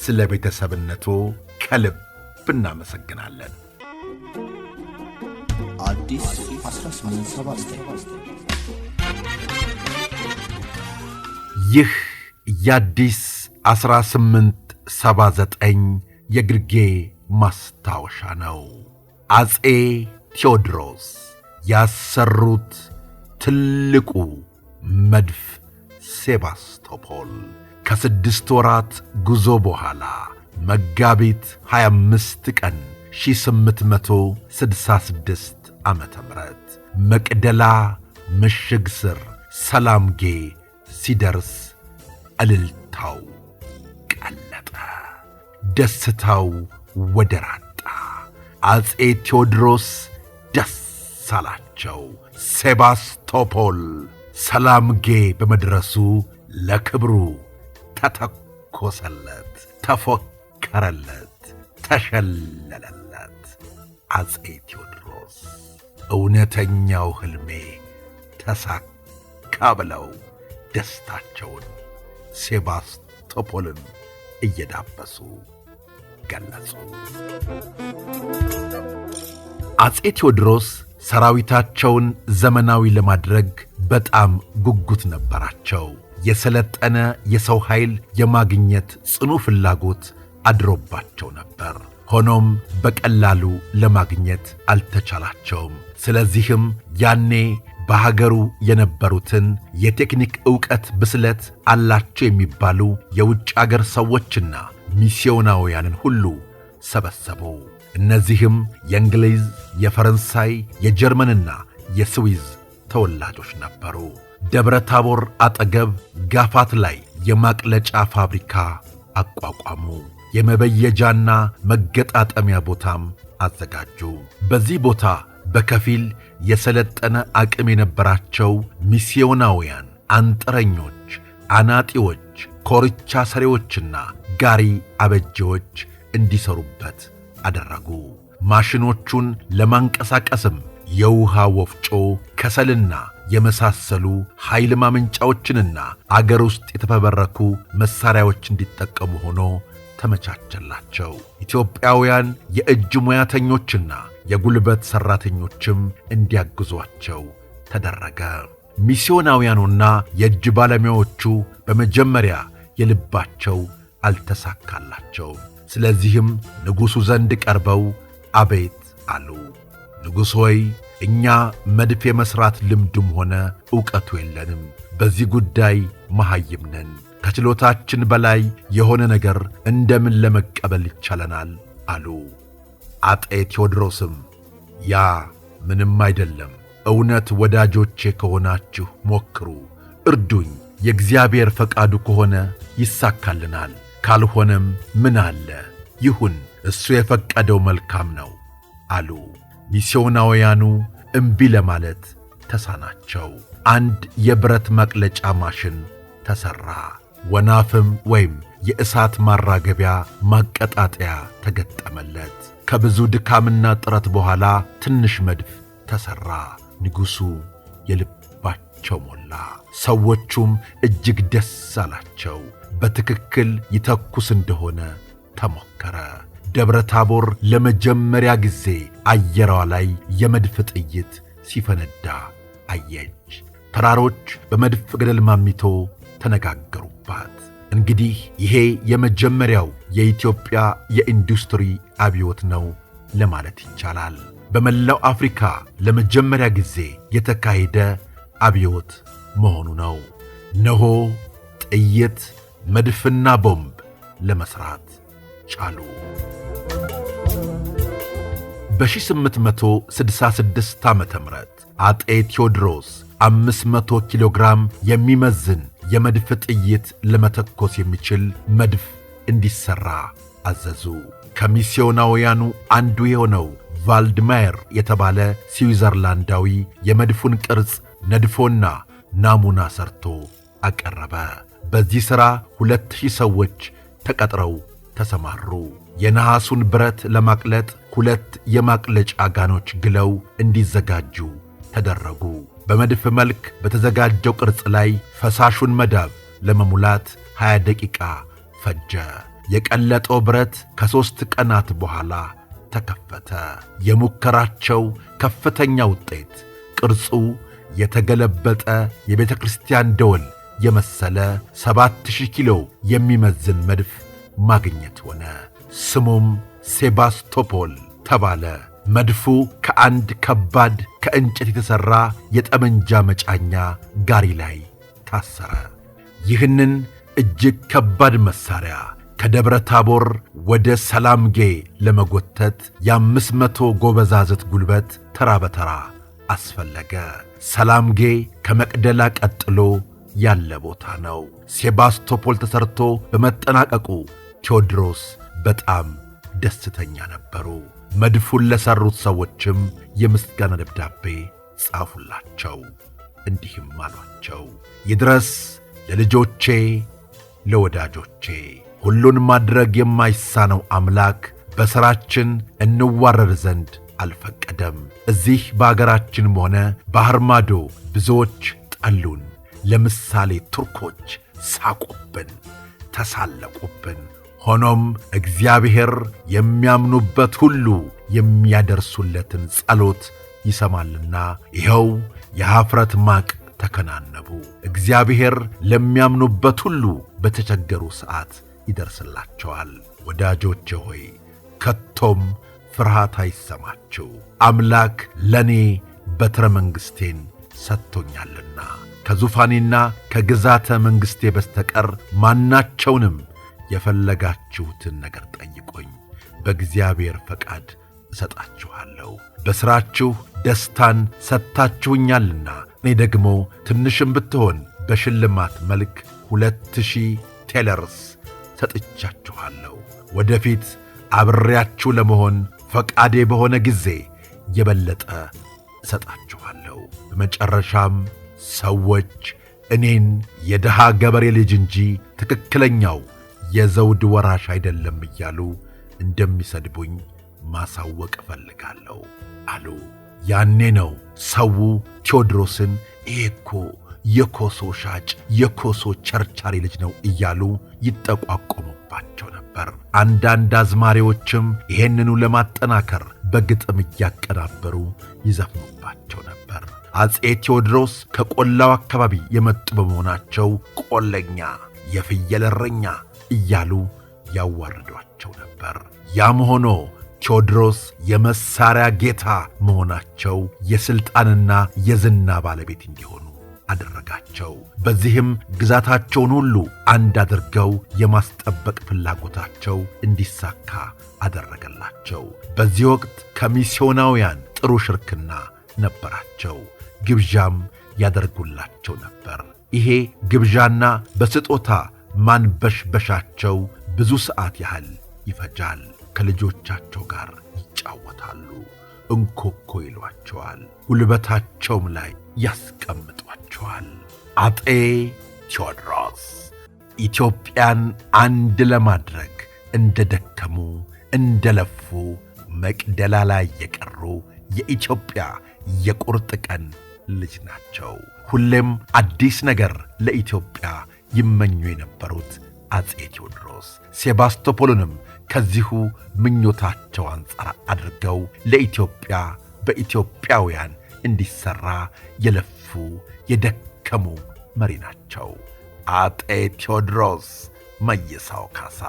ስለ ቤተሰብነቱ ከልብ እናመሰግናለን። ይህ የአዲስ 1879 የግርጌ ማስታወሻ ነው። አጼ ቴዎድሮስ ያሰሩት ትልቁ መድፍ ሴባስቶፖል ከስድስት ወራት ጉዞ በኋላ መጋቢት 25 ቀን 1866 ዓ ም መቅደላ ምሽግ ስር ሰላምጌ ሲደርስ እልልታው ቀለጠ፣ ደስታው ወደር አጣ። ቴዎድሮስ ደስ አላቸው። ሴባስቶፖል ሰላምጌ በመድረሱ ለክብሩ ተተኮሰለት፣ ተፎከረለት፣ ተሸለለለት። አፄ ቴዎድሮስ እውነተኛው ሕልሜ ተሳካ ብለው ደስታቸውን ሴባስቶፖልን እየዳበሱ ገለጹ። አፄ ቴዎድሮስ ሰራዊታቸውን ዘመናዊ ለማድረግ በጣም ጉጉት ነበራቸው። የሰለጠነ የሰው ኃይል የማግኘት ጽኑ ፍላጎት አድሮባቸው ነበር። ሆኖም በቀላሉ ለማግኘት አልተቻላቸውም። ስለዚህም ያኔ በሀገሩ የነበሩትን የቴክኒክ ዕውቀት ብስለት አላቸው የሚባሉ የውጭ አገር ሰዎችና ሚስዮናውያንን ሁሉ ሰበሰቡ። እነዚህም የእንግሊዝ፣ የፈረንሳይ፣ የጀርመንና የስዊዝ ተወላጆች ነበሩ። ደብረ ታቦር አጠገብ ጋፋት ላይ የማቅለጫ ፋብሪካ አቋቋሙ። የመበየጃና መገጣጠሚያ ቦታም አዘጋጁ። በዚህ ቦታ በከፊል የሰለጠነ አቅም የነበራቸው ሚስዮናውያን፣ አንጥረኞች፣ አናጢዎች፣ ኮርቻ ሰሪዎችና ጋሪ አበጀዎች እንዲሰሩበት አደረጉ። ማሽኖቹን ለማንቀሳቀስም የውሃ ወፍጮ፣ ከሰልና የመሳሰሉ ኃይል ማመንጫዎችንና አገር ውስጥ የተፈበረኩ መሣሪያዎች እንዲጠቀሙ ሆኖ ተመቻቸላቸው። ኢትዮጵያውያን የእጅ ሙያተኞችና የጉልበት ሠራተኞችም እንዲያግዟቸው ተደረገ። ሚስዮናውያኑና የእጅ ባለሙያዎቹ በመጀመሪያ የልባቸው አልተሳካላቸው። ስለዚህም ንጉሡ ዘንድ ቀርበው አቤት አሉ። ንጉሥ ሆይ እኛ መድፍ የመሥራት ልምዱም ሆነ ዕውቀቱ የለንም። በዚህ ጉዳይ መሐይም ነን። ከችሎታችን በላይ የሆነ ነገር እንደምን ለመቀበል ይቻለናል አሉ። አጤ ቴዎድሮስም ያ ምንም አይደለም፣ እውነት ወዳጆቼ ከሆናችሁ ሞክሩ፣ እርዱኝ። የእግዚአብሔር ፈቃዱ ከሆነ ይሳካልናል፣ ካልሆነም ምን አለ ይሁን፣ እሱ የፈቀደው መልካም ነው አሉ። ሚስዮናውያኑ እምቢ ለማለት ተሳናቸው። አንድ የብረት መቅለጫ ማሽን ተሠራ። ወናፍም ወይም የእሳት ማራገቢያ ማቀጣጠያ ተገጠመለት። ከብዙ ድካምና ጥረት በኋላ ትንሽ መድፍ ተሠራ። ንጉሡ የልባቸው ሞላ፣ ሰዎቹም እጅግ ደስ አላቸው። በትክክል ይተኩስ እንደሆነ ተሞከረ። ደብረ ታቦር ለመጀመሪያ ጊዜ አየሯ ላይ የመድፍ ጥይት ሲፈነዳ አየች። ተራሮች በመድፍ ገደል ማሚቶ ተነጋገሩባት። እንግዲህ ይሄ የመጀመሪያው የኢትዮጵያ የኢንዱስትሪ አብዮት ነው ለማለት ይቻላል። በመላው አፍሪካ ለመጀመሪያ ጊዜ የተካሄደ አብዮት መሆኑ ነው። ነሆ ጥይት፣ መድፍና ቦምብ ለመስራት ቻሉ። በ1866 ዓ ም አጤ ቴዎድሮስ 500 ኪሎ ግራም የሚመዝን የመድፍ ጥይት ለመተኮስ የሚችል መድፍ እንዲሠራ አዘዙ። ከሚስዮናውያኑ አንዱ የሆነው ቫልድማየር የተባለ ስዊዘርላንዳዊ የመድፉን ቅርጽ ነድፎና ናሙና ሰርቶ አቀረበ። በዚህ ሥራ ሁለት ሺህ ሰዎች ተቀጥረው ተሰማሩ። የነሐሱን ብረት ለማቅለጥ ሁለት የማቅለጫ ጋኖች ግለው እንዲዘጋጁ ተደረጉ። በመድፍ መልክ በተዘጋጀው ቅርጽ ላይ ፈሳሹን መዳብ ለመሙላት 20 ደቂቃ ፈጀ። የቀለጠው ብረት ከሦስት ቀናት በኋላ ተከፈተ። የሙከራቸው ከፍተኛ ውጤት ቅርጹ የተገለበጠ የቤተ ክርስቲያን ደወል የመሰለ 7000 ኪሎ የሚመዝን መድፍ ማግኘት ሆነ። ስሙም ሴባስቶፖል ተባለ። መድፉ ከአንድ ከባድ ከእንጨት የተሠራ የጠመንጃ መጫኛ ጋሪ ላይ ታሰረ። ይህንን እጅግ ከባድ መሣሪያ ከደብረ ታቦር ወደ ሰላምጌ ለመጎተት የአምስት መቶ ጎበዛዘት ጉልበት ተራ በተራ አስፈለገ። ሰላምጌ ከመቅደላ ቀጥሎ ያለ ቦታ ነው። ሴባስቶፖል ተሠርቶ በመጠናቀቁ ቴዎድሮስ በጣም ደስተኛ ነበሩ። መድፉን ለሠሩት ሰዎችም የምስጋና ደብዳቤ ጻፉላቸው። እንዲህም አሏቸው፣ ይድረስ ለልጆቼ ለወዳጆቼ ሁሉን ማድረግ የማይሳነው አምላክ በሥራችን እንዋረር ዘንድ አልፈቀደም። እዚህ በአገራችንም ሆነ ባሕር ማዶ ብዙዎች ጠሉን። ለምሳሌ ቱርኮች ሳቁብን፣ ተሳለቁብን ሆኖም እግዚአብሔር የሚያምኑበት ሁሉ የሚያደርሱለትን ጸሎት ይሰማልና ይኸው የኀፍረት ማቅ ተከናነቡ። እግዚአብሔር ለሚያምኑበት ሁሉ በተቸገሩ ሰዓት ይደርስላቸዋል። ወዳጆቼ ሆይ ከቶም ፍርሃት አይሰማችሁ፣ አምላክ ለእኔ በትረ መንግሥቴን ሰጥቶኛልና ከዙፋኔና ከግዛተ መንግሥቴ በስተቀር ማናቸውንም የፈለጋችሁትን ነገር ጠይቁኝ፣ በእግዚአብሔር ፈቃድ እሰጣችኋለሁ። በሥራችሁ ደስታን ሰጥታችሁኛልና እኔ ደግሞ ትንሽም ብትሆን በሽልማት መልክ ሁለት ሺህ ቴለርስ ሰጥቻችኋለሁ። ወደፊት አብሬያችሁ ለመሆን ፈቃዴ በሆነ ጊዜ የበለጠ እሰጣችኋለሁ። በመጨረሻም ሰዎች እኔን የድሃ ገበሬ ልጅ እንጂ ትክክለኛው የዘውድ ወራሽ አይደለም እያሉ እንደሚሰድቡኝ ማሳወቅ እፈልጋለሁ አሉ። ያኔ ነው ሰው ቴዎድሮስን ይሄ እኮ የኮሶ ሻጭ የኮሶ ቸርቻሪ ልጅ ነው እያሉ ይጠቋቆሙባቸው ነበር። አንዳንድ አዝማሪዎችም ይሄንኑ ለማጠናከር በግጥም እያቀናበሩ ይዘፍኑባቸው ነበር። አፄ ቴዎድሮስ ከቆላው አካባቢ የመጡ በመሆናቸው ቆለኛ፣ የፍየል እረኛ እያሉ ያዋርዷቸው ነበር። ያም ሆኖ ቴዎድሮስ የመሳሪያ ጌታ መሆናቸው የሥልጣንና የዝና ባለቤት እንዲሆኑ አደረጋቸው። በዚህም ግዛታቸውን ሁሉ አንድ አድርገው የማስጠበቅ ፍላጎታቸው እንዲሳካ አደረገላቸው። በዚህ ወቅት ከሚስዮናውያን ጥሩ ሽርክና ነበራቸው። ግብዣም ያደርጉላቸው ነበር። ይሄ ግብዣና በስጦታ ማንበሽበሻቸው ብዙ ሰዓት ያህል ይፈጃል። ከልጆቻቸው ጋር ይጫወታሉ፣ እንኮኮ ይሏቸዋል፣ ጉልበታቸውም ላይ ያስቀምጧቸዋል። አጤ ቴዎድሮስ ኢትዮጵያን አንድ ለማድረግ እንደ ደከሙ እንደ ለፉ መቅደላ ላይ የቀሩ የኢትዮጵያ የቁርጥ ቀን ልጅ ናቸው። ሁሌም አዲስ ነገር ለኢትዮጵያ ይመኙ የነበሩት አጼ ቴዎድሮስ ሴባስቶፖልንም ከዚሁ ምኞታቸው አንጻር አድርገው ለኢትዮጵያ በኢትዮጵያውያን እንዲሠራ የለፉ የደከሙ መሪ ናቸው። አጤ ቴዎድሮስ መየሳው ካሳ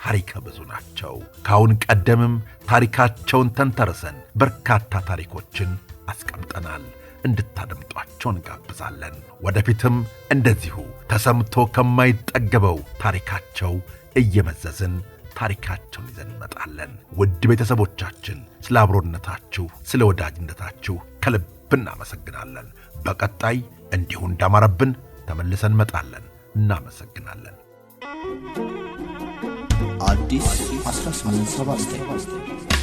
ታሪከ ብዙ ናቸው። ካሁን ቀደምም ታሪካቸውን ተንተርሰን በርካታ ታሪኮችን አስቀምጠናል። እንድታደምጧቸው እንጋብዛለን። ወደፊትም እንደዚሁ ተሰምቶ ከማይጠገበው ታሪካቸው እየመዘዝን ታሪካቸውን ይዘን እንመጣለን። ውድ ቤተሰቦቻችን ስለ አብሮነታችሁ፣ ስለ ወዳጅነታችሁ ከልብ እናመሰግናለን። በቀጣይ እንዲሁ እንዳማረብን ተመልሰን እንመጣለን። እናመሰግናለን። አዲስ 1879